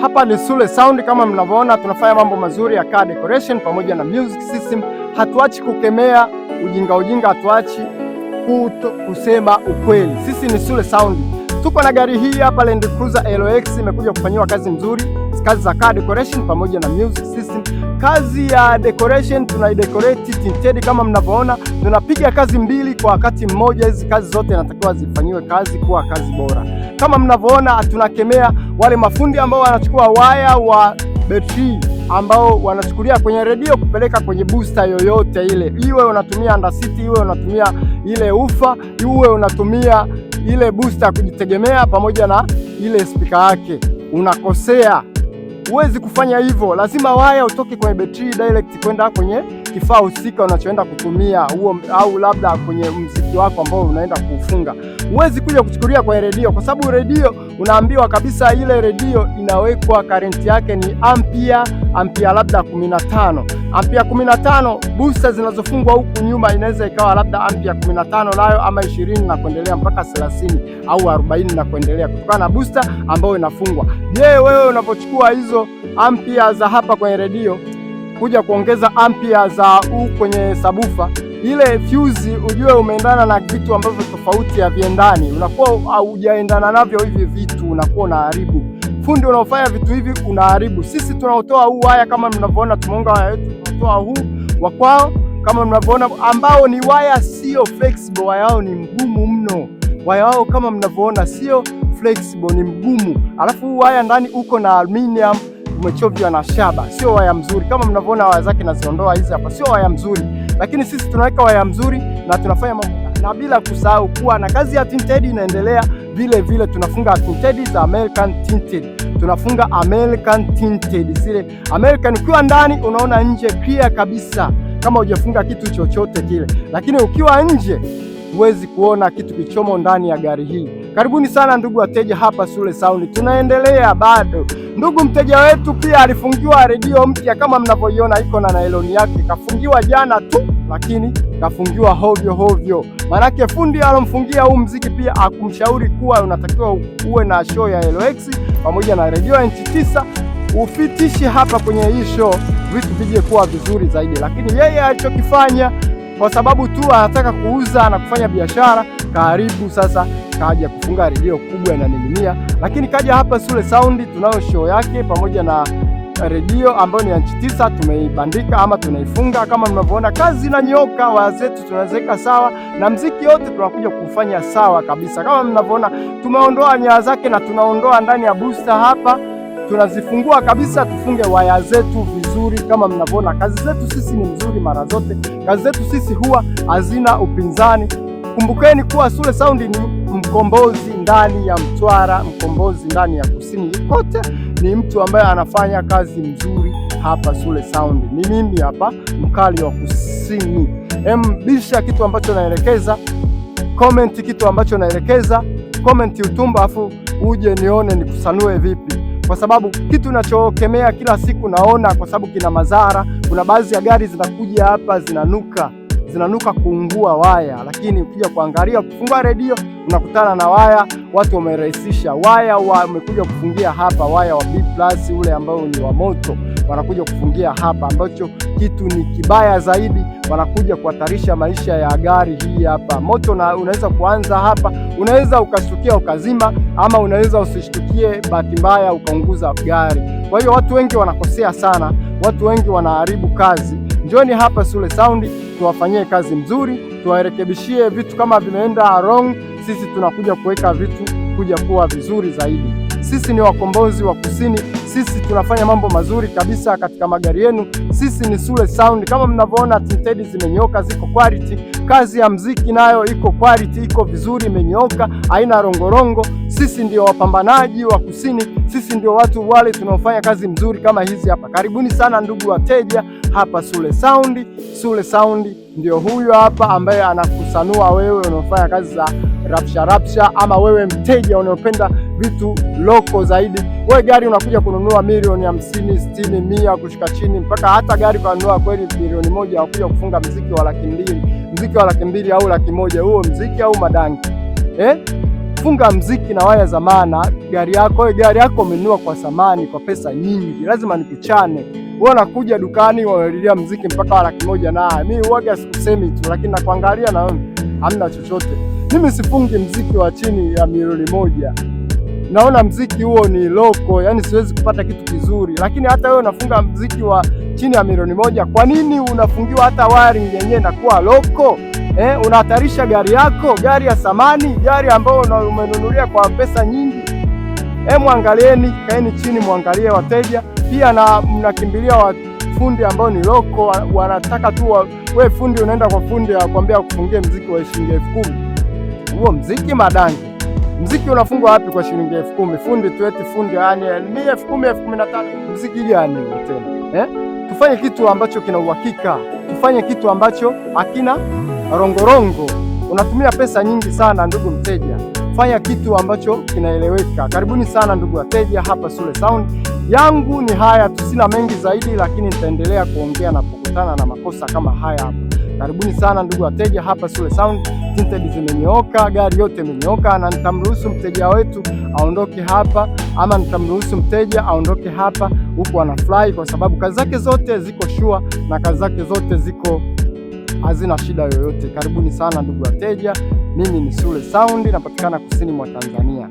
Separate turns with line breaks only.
Hapa ni Sule Sound, kama mnavyoona, tunafanya mambo mazuri ya car decoration pamoja na music system. Hatuachi kukemea ujinga ujinga, hatuachi kuto kusema ukweli. Sisi ni Sule Sound. Tuko na gari hii hapa Land Cruiser LX, imekuja kufanyiwa kazi nzuri, kazi za car decoration pamoja na music system. Kazi ya decoration tunaidecorate tinted kama mnavyoona Tunapiga kazi mbili kwa wakati mmoja. Hizi kazi zote inatakiwa zifanyiwe kazi kuwa kazi bora. Kama mnavyoona, tunakemea wale mafundi ambao wanachukua waya wa betri ambao wanachukulia kwenye redio kupeleka kwenye booster yoyote ile, iwe unatumia andasiti, iwe unatumia ile ufa, iwe unatumia ile booster kujitegemea pamoja na ile spika yake, unakosea. Huwezi kufanya hivyo, lazima waya utoke kwenye betri direct kwenda kwenye kifaa husika unachoenda kutumia huo, au labda kwenye mziki wako ambao unaenda kuufunga. Huwezi kuja kuchukulia kwa redio, kwa sababu redio unaambiwa kabisa ile redio inawekwa karenti yake ni ampia ampia labda 15 ampia 15. Busta zinazofungwa huku nyuma inaweza ikawa labda ampia 15 nayo ama 20 na kuendelea mpaka 30 au 40 na kuendelea, kutokana na booster ambayo inafungwa. Je, wewe unapochukua hizo ampia za hapa kwenye redio kuja kuongeza ampia za u kwenye sabufa ile fuse ujue umeendana na vitu ambavyo tofauti ya viendani, unakuwa haujaendana navyo hivi vitu, unakuwa unaharibu. Fundi unaofanya vitu hivi unaharibu. Sisi tunaotoa huu waya kama mnavyoona, tumeunga waya wetu, tunatoa huu wa kwao kama mnavyoona, ambao ni waya sio flexible, waya wao ni mgumu mno, waya wao kama mnavyoona sio flexible, ni mgumu. Alafu huu waya ndani uko na aluminium umechovya na shaba, sio waya mzuri. Kama mnavyoona waya zake naziondoa hizi hapa, sio waya mzuri, lakini sisi tunaweka waya mzuri na tunafanya na bila kusahau kuwa na kazi ya tinted inaendelea vile vile. Tunafunga tinted za American tinted, tunafunga American tinted zile American. Ukiwa ndani unaona nje clear kabisa, kama hujafunga kitu chochote kile, lakini ukiwa nje huwezi kuona kitu kichomo ndani ya gari hii. Karibuni sana ndugu wateja, hapa Sule Sound tunaendelea bado. Ndugu mteja wetu pia alifungiwa redio mpya kama mnavyoiona iko na nailoni yake, kafungiwa jana tu, lakini kafungiwa hovyo hovyo, manake fundi alomfungia huu mziki pia akumshauri kuwa unatakiwa uwe na show ya LOX pamoja na redio ya nchi tisa ufitishe hapa kwenye hii show vitu vije kuwa vizuri zaidi, lakini yeye alichokifanya kwa sababu tu anataka kuuza na kufanya biashara, karibu sasa kaja kufunga redio kubwa inaniminia, lakini kaja hapa Sule Sound, tunayo show yake pamoja na eh, redio ambayo ni ya nchi tisa, tumeibandika ama tunaifunga kama mnavyoona. Kazi na nyoka wazetu tunazeka sawa, na mziki yote tunakuja kufanya sawa kabisa. Kama mnavyoona, tumeondoa nyaya zake na tunaondoa ndani ya booster hapa tunazifungua kabisa, tufunge waya zetu vizuri. Kama mnavyoona, kazi zetu sisi ni mzuri mara zote, kazi zetu sisi huwa hazina upinzani. Kumbukeni kuwa Sule Sound ni mkombozi ndani ya Mtwara, mkombozi ndani ya kusini kote. Ni mtu ambaye anafanya kazi nzuri hapa Sule Sound. Ni mimi hapa mkali wa kusini. bisha kitu ambacho naelekeza, comment kitu ambacho naelekeza, comment utumba, afu uje nione nikusanue vipi, kwa sababu kitu nachokemea kila siku naona, kwa sababu kina madhara. Kuna baadhi ya gari zinakuja hapa zinanuka zinanuka kuungua waya, lakini ukija kuangalia, ukifungua redio unakutana na waya. Watu wamerahisisha waya, wamekuja kufungia hapa waya wa B plus ule ambao ni wa moto, wanakuja kufungia hapa, ambacho kitu ni kibaya zaidi, wanakuja kuhatarisha maisha ya gari hii hapa. Moto na unaweza kuanza hapa, unaweza ukashtukia ukazima, ama unaweza usishtukie, bahati mbaya ukaunguza gari. Kwa hiyo watu wengi wanakosea sana, watu wengi wanaharibu kazi Njoni hapa Sule Sound tuwafanyie kazi mzuri, tuwarekebishie vitu kama vimeenda wrong. Sisi tunakuja kuweka vitu kuja kuwa vizuri zaidi. Sisi ni wakombozi wa Kusini, sisi tunafanya mambo mazuri kabisa katika magari yenu. Sisi ni Sule Sound, kama mnavyoona tinted zimenyoka, ziko quality kazi ya mziki nayo iko quality, iko vizuri, imenyooka, haina rongorongo. Sisi ndio wapambanaji wa Kusini, sisi ndio watu wale tunaofanya kazi mzuri kama hizi hapa. Karibuni sana ndugu wateja, hapa Sule Sound. Sule Sound ndio huyo hapa ambaye anakusanua wewe unaofanya kazi za rapsha rapsha, ama wewe mteja unaopenda vitu loko zaidi. Wewe gari unakuja kununua milioni hamsini, sitini, mia kushika chini, mpaka hata gari ukanunua kweli milioni moja, wakuja kufunga mziki wa laki mbili mziki wa laki mbili au laki moja huo mziki au madangi eh? Funga mziki na waya za maana gari yako. Eh, gari yako umenunua kwa samani, kwa pesa nyingi, lazima nikuchane. Wewe unakuja dukani unalilia mziki mpaka wa laki moja na mimi uwaga sikusemi tu, lakini nakuangalia na wewe hamna chochote. Mimi sifungi mziki wa chini ya milioni moja, naona mziki huo ni loko, yani siwezi kupata kitu kizuri. Lakini hata wewe unafunga mziki wa chini ya milioni moja, kwa nini unafungiwa hata wiring yenyewe inakuwa loko? Eh, unahatarisha gari yako, gari ya samani, gari ambayo umenunulia kwa pesa nyingi. Eh, mwangalieni, kaeni chini mwangalie wateja pia, na mnakimbilia fundi ambao ni loko, wanataka tu wa, we fundi unaenda kwa fundi akwambia kufungie mziki wa shilingi elfu kumi. Huo mziki madangi mziki unafungwa wapi kwa shilingi elfu kumi? Fundi tueti fundi yani ni elfu kumi elfu kumi na tano mziki gani tena eh? Tufanye kitu ambacho kina uhakika, tufanye kitu ambacho hakina rongorongo. Unatumia pesa nyingi sana, ndugu mteja. Fanya kitu ambacho kinaeleweka. Karibuni sana ndugu wateja, hapa Sule Sound. Yangu ni haya tu, sina mengi zaidi, lakini nitaendelea kuongea na kukutana na makosa kama haya hapa. Karibuni sana ndugu wateja, hapa Sule Sound. Tinted zimenyooka, gari yote imenyooka, na nitamruhusu mteja wetu aondoke hapa ama nitamruhusu mteja aondoke hapa huku anafurahi, kwa sababu kazi zake zote ziko shua na kazi zake zote ziko hazina shida yoyote. Karibuni sana ndugu wateja, mimi ni Sule Sound, napatikana kusini mwa Tanzania.